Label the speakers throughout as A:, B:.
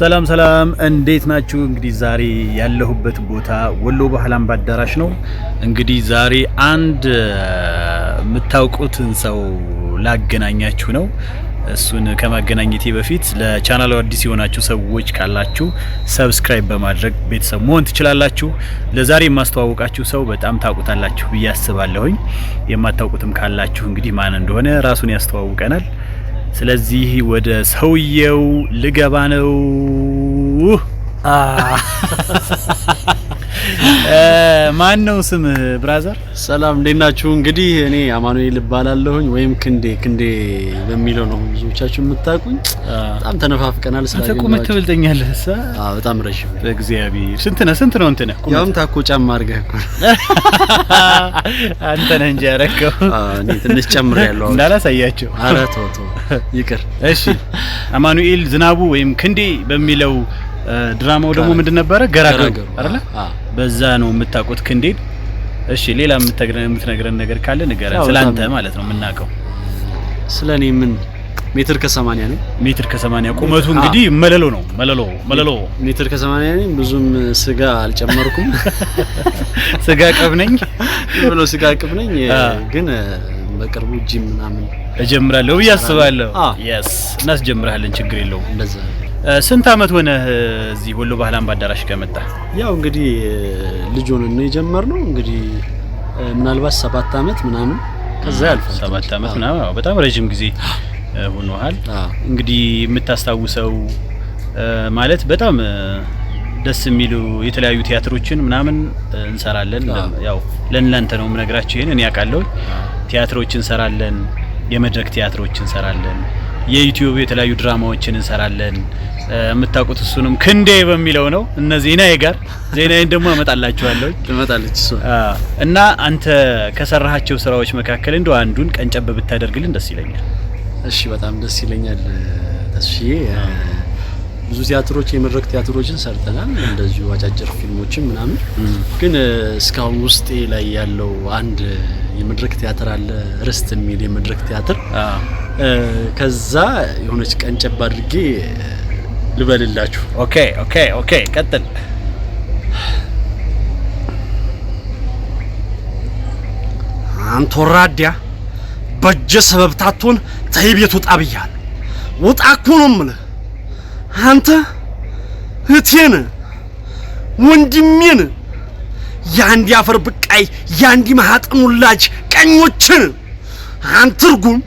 A: ሰላም ሰላም፣ እንዴት ናችሁ? እንግዲህ ዛሬ ያለሁበት ቦታ ወሎ ባህል አምባ አዳራሽ ነው። እንግዲህ ዛሬ አንድ የምታውቁትን ሰው ላገናኛችሁ ነው። እሱን ከማገናኘቴ በፊት ለቻናሉ አዲስ የሆናችሁ ሰዎች ካላችሁ ሰብስክራይብ በማድረግ ቤተሰብ መሆን ትችላላችሁ። ለዛሬ የማስተዋወቃችሁ ሰው በጣም ታውቁታላችሁ ብዬ አስባለሁኝ። የማታውቁትም ካላችሁ እንግዲህ ማን እንደሆነ ራሱን ያስተዋውቀናል። ስለዚህ ወደ ሰውየው ልገባ ነው። ማን ነው ስምህ ብራዘር?
B: ሰላም እንዴት ናችሁ? እንግዲህ እኔ አማኑኤል እባላለሁኝ ወይም ክንዴ ክንዴ በሚለው ነው ብዙዎቻችሁ የምታውቁኝ። በጣም ተነፋፍቀናል።
A: ስለዚህ ስለ ቁመት ትበልጠኛለህ።
B: አዎ በጣም ረጅም።
A: በእግዚአብሔር ስንት ነህ? ስንት ነው እንትነ
B: ያውም ታኮ ጫማ አድርገህ እኮ
A: አንተ ነህ እንጂ ያረከው።
B: እኔ ትንሽ ጨምሬያለሁ
A: እንዳላሳያቸው።
B: ኧረ ተው ተው ይቅር።
A: እሺ አማኑኤል ዝናቡ ወይም ክንዴ በሚለው ድራማው ደግሞ ምንድን ነበረ? ገራገሩ አይደለ? በዛ ነው የምታውቁት ክንዴን። እሺ ሌላ የምትነግረን ነገር ካለ ንገረን፣ ስለአንተ ማለት ነው የምናውቀው።
B: ስለ እኔ ምን ሜትር ከሰማንያ ነኝ።
A: ሜትር ከሰማንያ ቁመቱ እንግዲህ መለሎ ነው መለሎ መለሎ
B: ሜትር ከሰማንያ ነኝ። ብዙም ስጋ አልጨመርኩም።
A: ስጋ ቅብ ነኝ
B: ብሎ ስጋ ቅብ ነኝ። ግን በቅርቡ ጂም ምናምን
A: እጀምራለሁ ብዬ አስባለሁ። የስ እናስጀምርሃለን፣ ችግር የለውም እንደዛ ስንት አመት ሆነ እዚህ ወሎ ባህል አምባ አዳራሽ ከመጣ?
B: ያው እንግዲህ ልጅ ነው የጀመርነው። እንግዲህ ምናልባት ሰባት አመት ምናምን ከዛ ያልፋል።
A: ሰባት አመት ምናምን፣ በጣም ረጅም ጊዜ ሆኗል። እንግዲህ የምታስታውሰው ማለት በጣም ደስ የሚሉ የተለያዩ ቲያትሮችን ምናምን እንሰራለን። ያው ለእናንተ ነው የምነግራችሁ ይሄን እኔ ያውቃለሁ። ቲያትሮች እንሰራለን፣ የመድረክ ቲያትሮች እንሰራለን የዩቲዩብ የተለያዩ ድራማዎችን እንሰራለን። የምታውቁት እሱንም ክንዴ በሚለው ነው እነ ዜናዬ ጋር ዜናዬን ደግሞ አመጣላችኋለሁ።
B: ትመጣለች እሱ
A: እና አንተ ከሰራሃቸው ስራዎች መካከል እንደ አንዱን ቀንጨብ ብታደርግልን ደስ ይለኛል።
B: እሺ፣ በጣም ደስ ይለኛል ተስፍዬ። ብዙ ቲያትሮች የመድረክ ቲያትሮችን ሰርተናል፣ እንደዚሁ አጫጭር ፊልሞችን ምናምን። ግን እስካሁን ውስጤ ላይ ያለው አንድ የመድረክ ቲያትር አለ ርስት የሚል የመድረክ ቲያትር። ከዛ የሆነች ቀንጨብ አድርጌ ልበልላችሁ።
A: ኦኬ ኦኬ ኦኬ፣ ቀጥል። አንተ ወራዲያ በጀ ሰበብ ታቶን ተይ ቤት ውጣ ብያል። ውጣ እኮ ነው የምልህ። አንተ እቴን ወንድሜን የአንድ አፈር ብቃይ የአንድ ማህፀን ውላጅ ቀኞችን አንትርጉም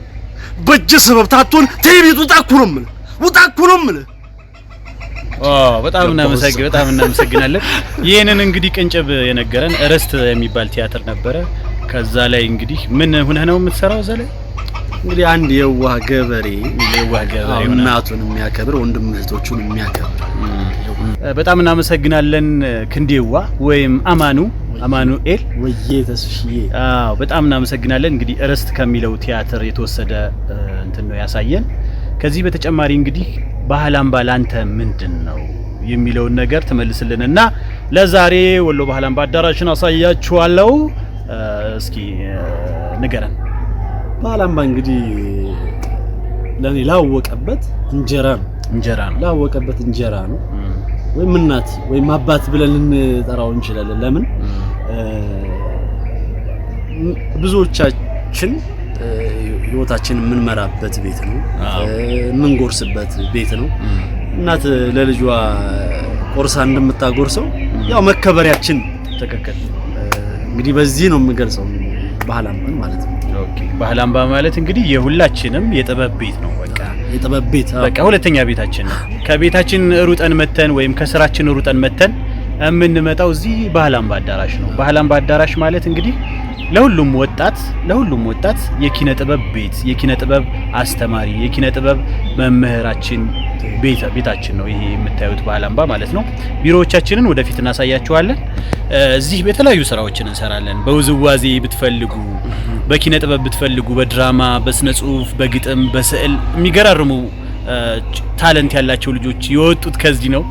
A: በእጅ ስበብ ታቶን ትዕቢት ውጣ ነው ምን ውጣ እኮ ነው የምልህ። በጣም እናመሰግን በጣም እናመሰግናለን። ይህንን እንግዲህ ቅንጭብ የነገረን እረስት የሚባል ቲያትር ነበረ። ከዛ ላይ እንግዲህ ምን ሁነህ ነው የምትሰራው? እዛ ላይ
B: እንግዲህ አንድ የዋህ ገበሬ
A: የዋህ ገበሬ
B: እናቱን የሚያከብር ወንድም እህቶቹን የሚያከብር
A: በጣም እናመሰግናለን ክንዴዋ ወይም አማኑ አማኑኤል
B: ወዬ ተስፍዬ።
A: አዎ በጣም እናመሰግናለን። እንግዲህ እረስት ከሚለው ቲያትር የተወሰደ እንትን ነው ያሳየን። ከዚህ በተጨማሪ እንግዲህ ባህል አምባ ላንተ ምንድን ነው የሚለውን ነገር እና ለዛሬ ወሎ ባህል አምባ አዳራሽን አሳያችኋለሁ። እስኪ ንገረን።
B: ባህል አምባ እንግዲህ ለእኔ ላወቀበት እንጀራ ነው እንጀራ ነው ላወቀበት እንጀራ ነው ወይም እናት ወይም አባት ብለን ልንጠራው እንችላለን። ለምን ብዙዎቻችን ህይወታችንን የምንመራበት ቤት ነው፣ የምንጎርስበት ቤት ነው። እናት ለልጇ ቆርሳ እንደምታጎርሰው ያው መከበሪያችን ተከከል እንግዲህ በዚህ ነው የምገልጸው ባህል ማለት ነው።
A: ኦኬ ባህል ማለት እንግዲህ የሁላችንም የጥበብ ቤት ነው። የጥበብ ቤት በቃ ሁለተኛ ቤታችን ነው። ከቤታችን ሩጠን መተን ወይም ከስራችን ሩጠን መተን የምንመጣው እዚህ ባህል አምባ አዳራሽ ነው። ባህል አምባ አዳራሽ ማለት እንግዲህ ለሁሉም ወጣት ለሁሉም ወጣት የኪነ ጥበብ ቤት የኪነ ጥበብ አስተማሪ የኪነ ጥበብ መምህራችን ቤታችን ነው። ይሄ የምታዩት ባህል አምባ ማለት ነው። ቢሮዎቻችንን ወደፊት እናሳያችኋለን። እዚህ የተለያዩ ስራዎችን እንሰራለን። በውዝዋዜ ብትፈልጉ፣ በኪነ ጥበብ ብትፈልጉ፣ በድራማ፣ በስነ ጽሁፍ፣ በግጥም፣ በስዕል የሚገራርሙ ታለንት ያላቸው ልጆች የወጡት ከዚህ ነው።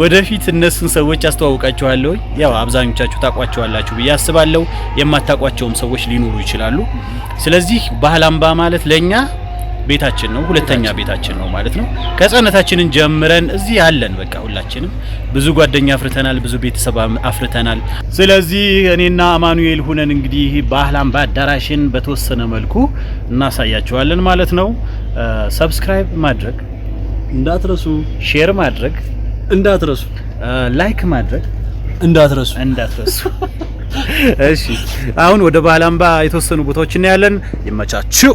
A: ወደፊት እነሱን ሰዎች አስተዋውቃችኋለሁ። ያው አብዛኞቻችሁ ታቋቸዋላችሁ ብዬ አስባለሁ። የማታቋቸውም ሰዎች ሊኖሩ ይችላሉ። ስለዚህ ባህል አምባ ማለት ለእኛ ቤታችን ነው፣ ሁለተኛ ቤታችን ነው ማለት ነው። ከህጻነታችንን ጀምረን እዚህ አለን። በቃ ሁላችንም ብዙ ጓደኛ አፍርተናል፣ ብዙ ቤተሰብ አፍርተናል። ስለዚህ እኔና አማኑኤል ሁነን እንግዲህ ባህል አምባ አዳራሽን በተወሰነ መልኩ እናሳያችኋለን ማለት ነው። ሰብስክራይብ ማድረግ እንዳትረሱ፣ ሼር ማድረግ እንዳትረሱ፣ ላይክ ማድረግ እንዳትረሱ እንዳትረሱ። እሺ፣ አሁን ወደ ባላምባ የተወሰኑ ቦታዎች እናያለን። ይመቻችሁ።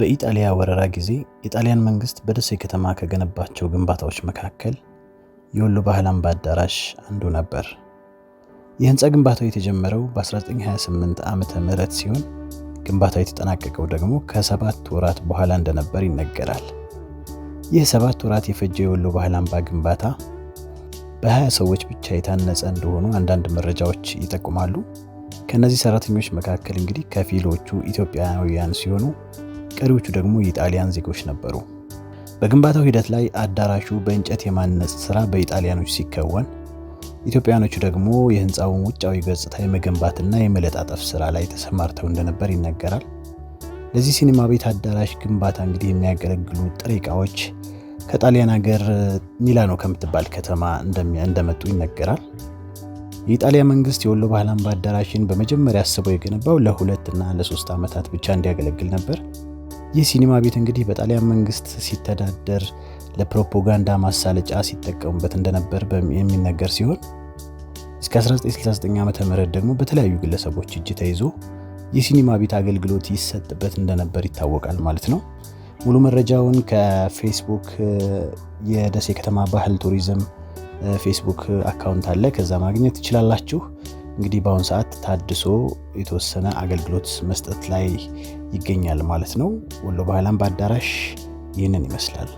C: በኢጣሊያ ወረራ ጊዜ የጣሊያን መንግስት በደሴ ከተማ ከገነባቸው ግንባታዎች መካከል የወሎ ባህላምባ አዳራሽ አንዱ ነበር። የህንፃ ግንባታው የተጀመረው በ1928 ዓ ም ሲሆን ግንባታው የተጠናቀቀው ደግሞ ከሰባት ወራት በኋላ እንደነበር ይነገራል። ይህ ሰባት ወራት የፈጀ የወሎ ባህል አምባ ግንባታ በ20 ሰዎች ብቻ የታነጸ እንደሆኑ አንዳንድ መረጃዎች ይጠቁማሉ። ከእነዚህ ሰራተኞች መካከል እንግዲህ ከፊሎቹ ኢትዮጵያውያን ሲሆኑ፣ ቀሪዎቹ ደግሞ የጣሊያን ዜጎች ነበሩ። በግንባታው ሂደት ላይ አዳራሹ በእንጨት የማነጽ ስራ በኢጣሊያኖች ሲከወን ኢትዮጵያኖቹ ደግሞ የህንፃውን ውጫዊ ገጽታ የመገንባትና የመለጣጠፍ ስራ ላይ ተሰማርተው እንደነበር ይነገራል። ለዚህ ሲኒማ ቤት አዳራሽ ግንባታ እንግዲህ የሚያገለግሉ ጥሬ እቃዎች ከጣሊያን ሀገር ሚላኖ ከምትባል ከተማ እንደመጡ ይነገራል። የኢጣሊያ መንግስት የወሎ ባህል አምባ አዳራሽን በመጀመሪያ አስበው የገነባው ለሁለት እና ለሶስት ዓመታት ብቻ እንዲያገለግል ነበር። ይህ ሲኒማ ቤት እንግዲህ በጣሊያን መንግስት ሲተዳደር ለፕሮፓጋንዳ ማሳለጫ ሲጠቀሙበት እንደነበር የሚነገር ሲሆን እስከ 1969 ዓ.ም ደግሞ በተለያዩ ግለሰቦች እጅ ተይዞ የሲኒማ ቤት አገልግሎት ይሰጥበት እንደነበር ይታወቃል ማለት ነው። ሙሉ መረጃውን ከፌስቡክ የደሴ ከተማ ባህል ቱሪዝም ፌስቡክ አካውንት አለ፣ ከዛ ማግኘት ትችላላችሁ። እንግዲህ በአሁኑ ሰዓት ታድሶ የተወሰነ አገልግሎት መስጠት ላይ ይገኛል ማለት ነው። ወሎ ባህላም በአዳራሽ ይህንን ይመስላል።